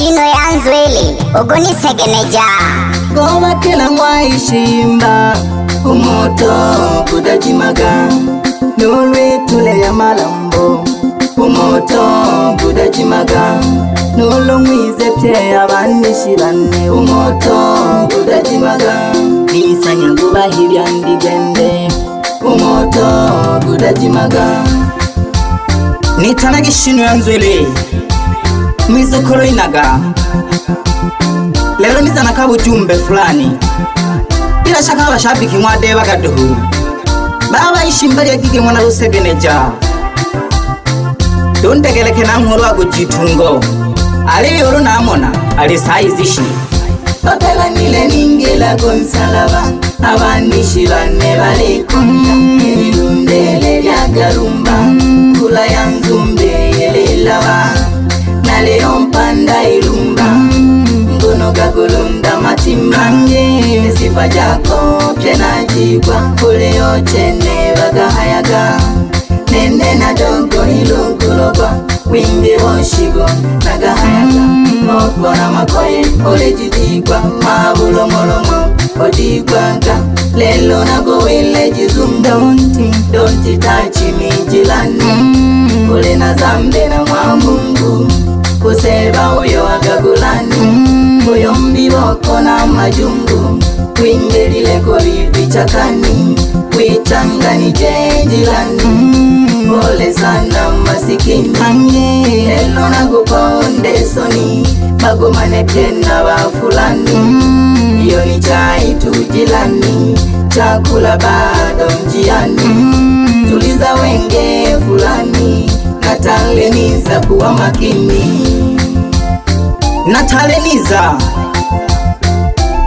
shino ya nzwili ogonisegeneja gowatila ngwaishimba umoto gudajimaga nolwetule ya malambo umoto gudajimaga nolongwize pye abandishi banne umoto gudajimaga nisanya gubahilya ndigende umoto gudajimaga nitalaga shino ya nzwili mwisoko inaga Lero niza nakaba ujumbe fulani, bila shaka abashabiki mwade bagaduhu ya agige mwana na dundegeleke wa agujitungo ali yoro namona ali saizishi bapebanile ningilago nsalaba abanishi bane balikonga ebirundele lyagalumba nkula yanzumbe yelelaba na Ilumba ngono gagulunda matimbange esifa jako pye najigwa kule bagahayaga nene na dogo ilugulogwa wingi woshigo nagahayaga mokona makoye olejijigwa mabulomolomo odigwaga lelo nagowile jizumdaunti donti tachimijilani kule na zambe na mwa Mungu kuseba uyo agagulani mm. uyo mbi na majungu kwingelile kovivichakani kwichanganije jenjilani mm. pole sana masikini elo nakuponde soni bagomane tena wafulani mm. iyo ni chai tujilani chakula bado mjiani tuliza wenge fulani nataleniza kuwa makini, nataleniza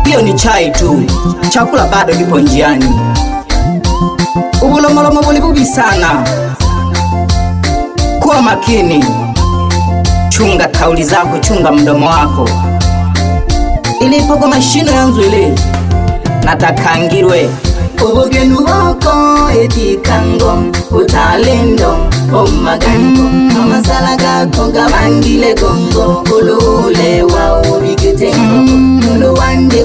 hiyo ni chai tu, chakula bado kipo njiani. Ubulomolomo bubi sana, kuwa makini, chunga kauli zako, chunga mdomo wako. Ilipogwa mashino ya nzwili natakangirwe ubugeni bwoko ekikango utalendo omumagambo amasala gako gabangile gongo uluule wawo bigetengo nuluwande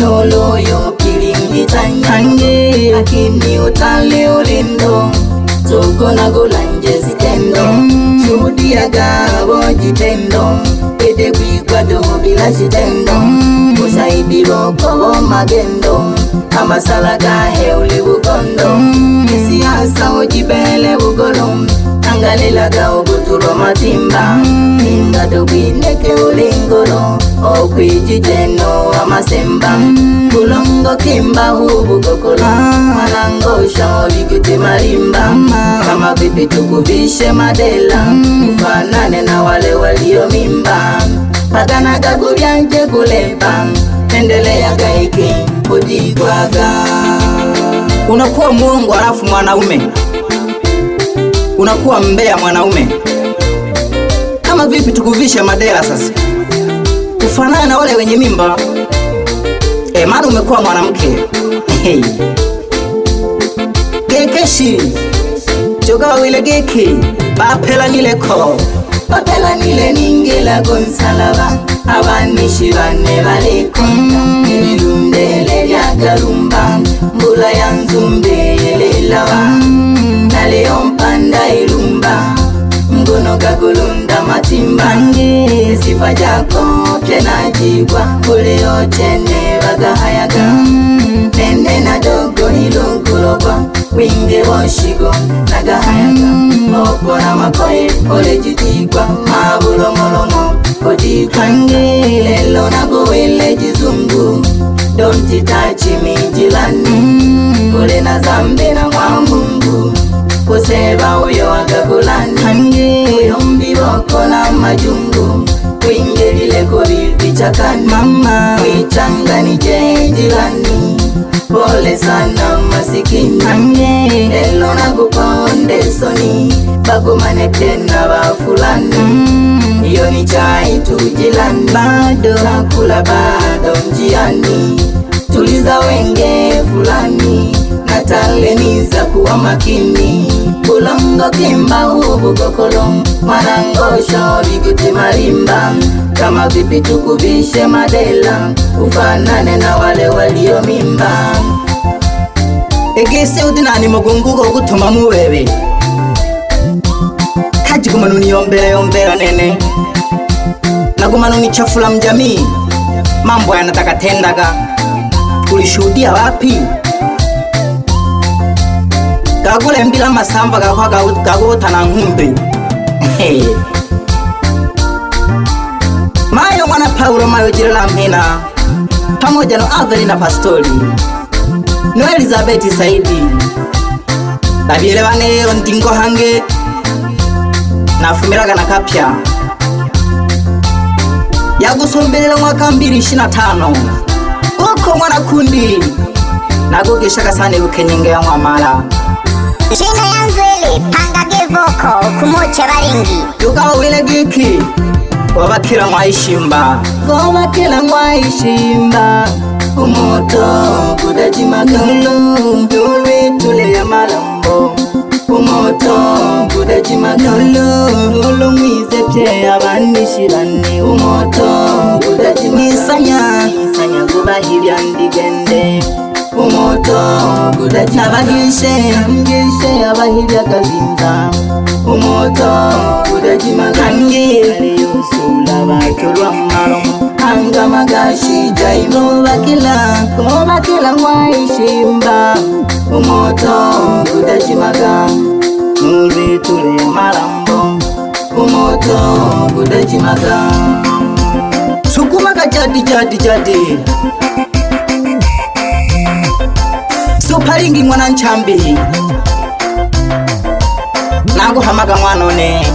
noloyo pilingitanyanje akini utale ulendo sokona golanje sitendo shuhudiya gabo jitendo kwikwa dobila sitendo bilogo magendo amasala gahe uli bugondo esiyasa mm. ojibele bugolom angalelaga ogutulo matimba ninga mm. uli ngolo okwijijeno amasemba mm. bulongo kimba hubugokola ah. malango shaoligiti malimba kama vipi tukuvishe madela ufanane na wale walio mimba pagana gagubyanje kulepa endelea kaiki kujikwaga. Unakuwa mwongo alafu mwanaume, unakuwa mbea mwanaume. Kama vipi tukuvisha madela sasa, ufanana na wale wenye mimba e, maana umekuwa mwanamke hey. gekeshi jogawile geki bapela nileko bapela nile ningela la gonsalaba abanishi bane balikunda ebirumbeere byagalumba mbula ya nzumbeere laba na leero mpanda irumba ngono gagulunda matimba sifa jako tenajibwa buleo tene bagahayaga nene nadogo dogo hilungulogwa winge boshigo nagahayaga okona makoye olejijigwa mabulomolongo jipange, lelo nakuwile jizungu, domtitachi mijilani mm. kule na zambi na kwa Mungu kuseba uyo agagulani hange uyo mbiboko na majungu kuingelile kuli vichakani mama kuichanganije jilani pole sana masikini hange lelo nakuponde soni bakumane tena bafulani ni chai tu jilani, bado nakula bado mjiani, tuliza wenge fulani na taleni za kuwa makini bulongo kimba marango shori kuti marimba kama vipi tukuvishe madela ufanane na wale walio mimba egese udinani mugunguko gutuma muwewe Kaji kumanuni nuniombera yombera nene na guma chafula mjamii, mambo yanataka tendaga. Ulishuhudia wapi? kakulembila masamba gagota na nkumbi mayo mwana Paulo mayo jirila mpina pamoja na Avelina Pastori no Elizabeth Saidi babielevanero ndingo hange nafumiragana na kapya yagusumbilila mwaka 2025 uko mwana kundi nagugishaka sana ibuke nyinga ya mwamala shina yanzwili panga givoko kumocha baringi dukawa wile giki wabakila mwaishimba wabakila mwaishimba umoto kudajimakanulu tulwituliya malamu umoto mvude chimakalo ngolo mwize pye abanishirani umoto mvude chimisanya isanya kuba hivya ndigende umoto mvude chimabagishe ngishe abahivya kazinza umoto mvude chimakangi leyosula batolwa mmalo anga magashi jaimo bakila kobakila ngwaishimba umoto kudachimaka muri tuli malambo umoto kudachimaka sukumaka chati chati chati supalingi mwana nchambi nakuhamaka mwanone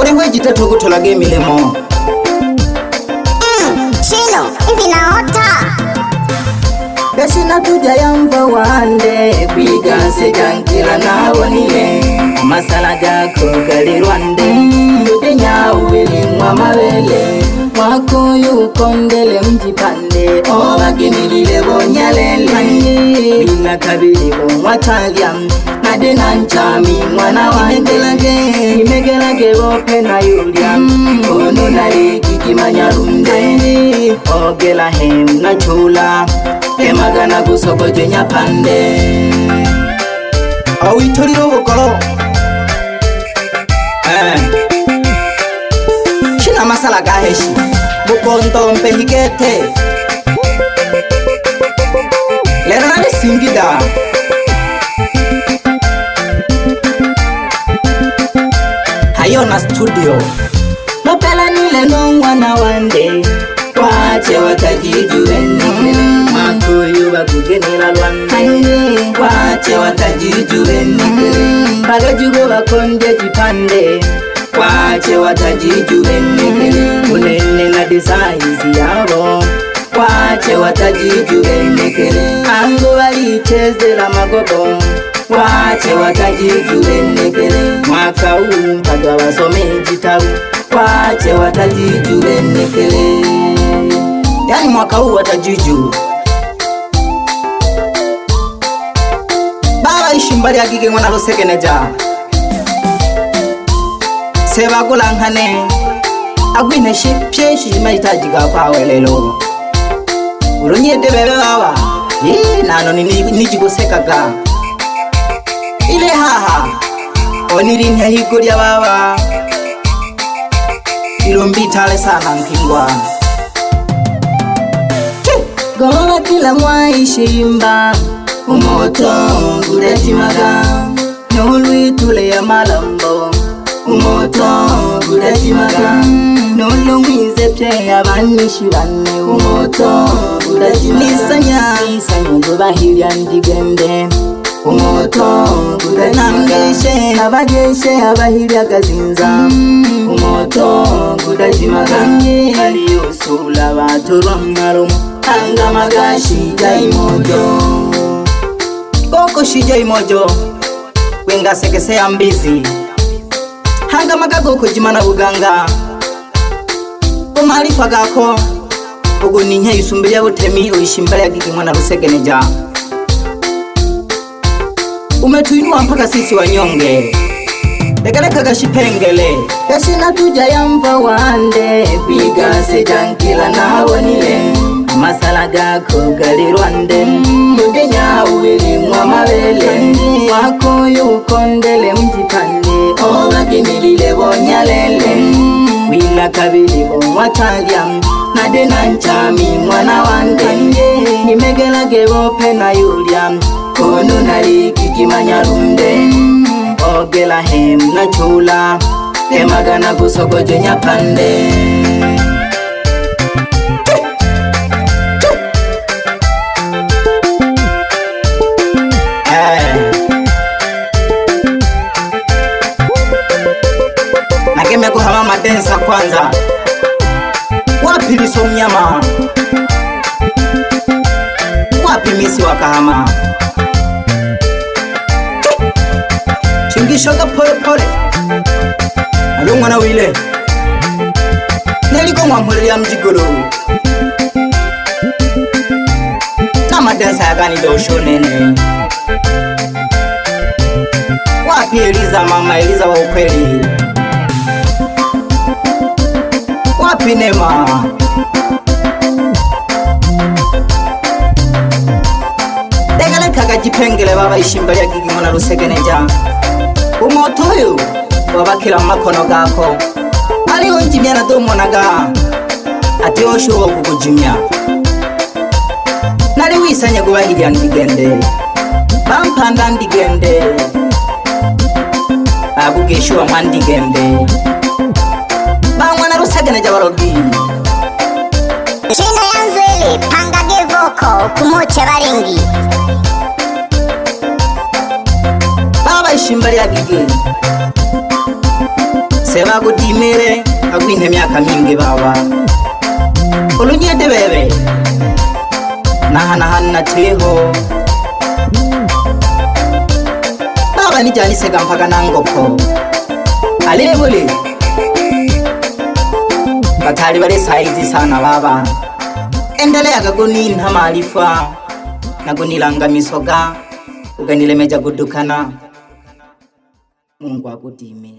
ulingwejitatu kutholage milimo mm, chino ivinaot Mashina tuja yamva wande nkila na wanile masala gako gali nya uwele mwa mawele Mwako yuko ndele mjipande obaginilile bonyalele Mina kabili bomwatalya nade nchami mwana wandelage imegelage wope mm. na Kono ono nali kikimanya lunde ogela hem na chula pema kana kusokotenya pande awuitholile ukukolo eh. china masala kaheshi bukontompe hikete lero nalisingida hayona studio mopelanile nomwana wa ndee wabace batakijuweni matuyu bakugenera lwanne wace watajijuweni bagajugo bakonde kipande wace watajijuweni unene na disaizi yabo wache watajijuwenekele ango walichezela magogo wache watajijuwenekele mwaka huu mpaka wasome jitabu wache watajijuwenekele yani mwaka huu atajuju baba ishimbali agige ngona losegeneja sebagulankane agwine shipyeshishima itajiga kwawe lelo ulonyede bebe baba nano nanoni ile haha onirintya higo lya baba ilumbitale saha mpingwa Golova kila mwaishi imba umoto gudajimaga itule ya malambo umoto gudajimaga mwize pye ya abanishi banne umoto Nisanya gudajimaga isanya gubahirya ndigende umoto gudajimaga abajeshe ya gazinza umoto gudajimaga aliyosula batulwa mmalumu kangamaga shijai mojo goko shijai mojo wengasegeseya mbizi hangamaga uganga Umari kwa gako ugu ninye yisumbilya utemi uishimbala ya gigi mwana rusegeneja umetuinua mpaka sisi wanyonge lekelekaga shipengele yashina tuja yamva wande biga sejankila nawonile masala gakugalirwa nde mugenyawe mwamabele wakoyo ukondele mjipande obagenilile bonyalele wila kabili bomwatalya nade nanchami mwana wande nimegelage bope na yulya kono nali kikimanya lunde ogela hem na chula temagana kusogojo nyapande kwanza, wapi miso mnyama, wapi misi wakahama, Chingishoga polepole alongwa na wile neliko mwamhulili ya mjigolo na madansa yakanida ushonene wapi Eliza mama Eliza wa ukweli wapi Neema? Legaleka gajipengele baba ishimbali ya gigimo na lusegeneja umuntu uyu wabakira makono gako aliho njimya na domonaga ati oshuwa kukujimya nali wisanye kubahilya ndigende bampanda ndigende abugeshuwa mwandigende Sagana jabalogini Chino ya nzwili pangage voko kumoche baringi Baba ishimba lya gigeni sebagudimire agwine emyaka mingi baba olunyede bebe nahanahana teho baba nijanisega mpaga nangoko alebule Katali wale saizi sana baba, endelea gaguni na maarifa na kunilanga misoga ukanilemeja kudukana. Mungu akudime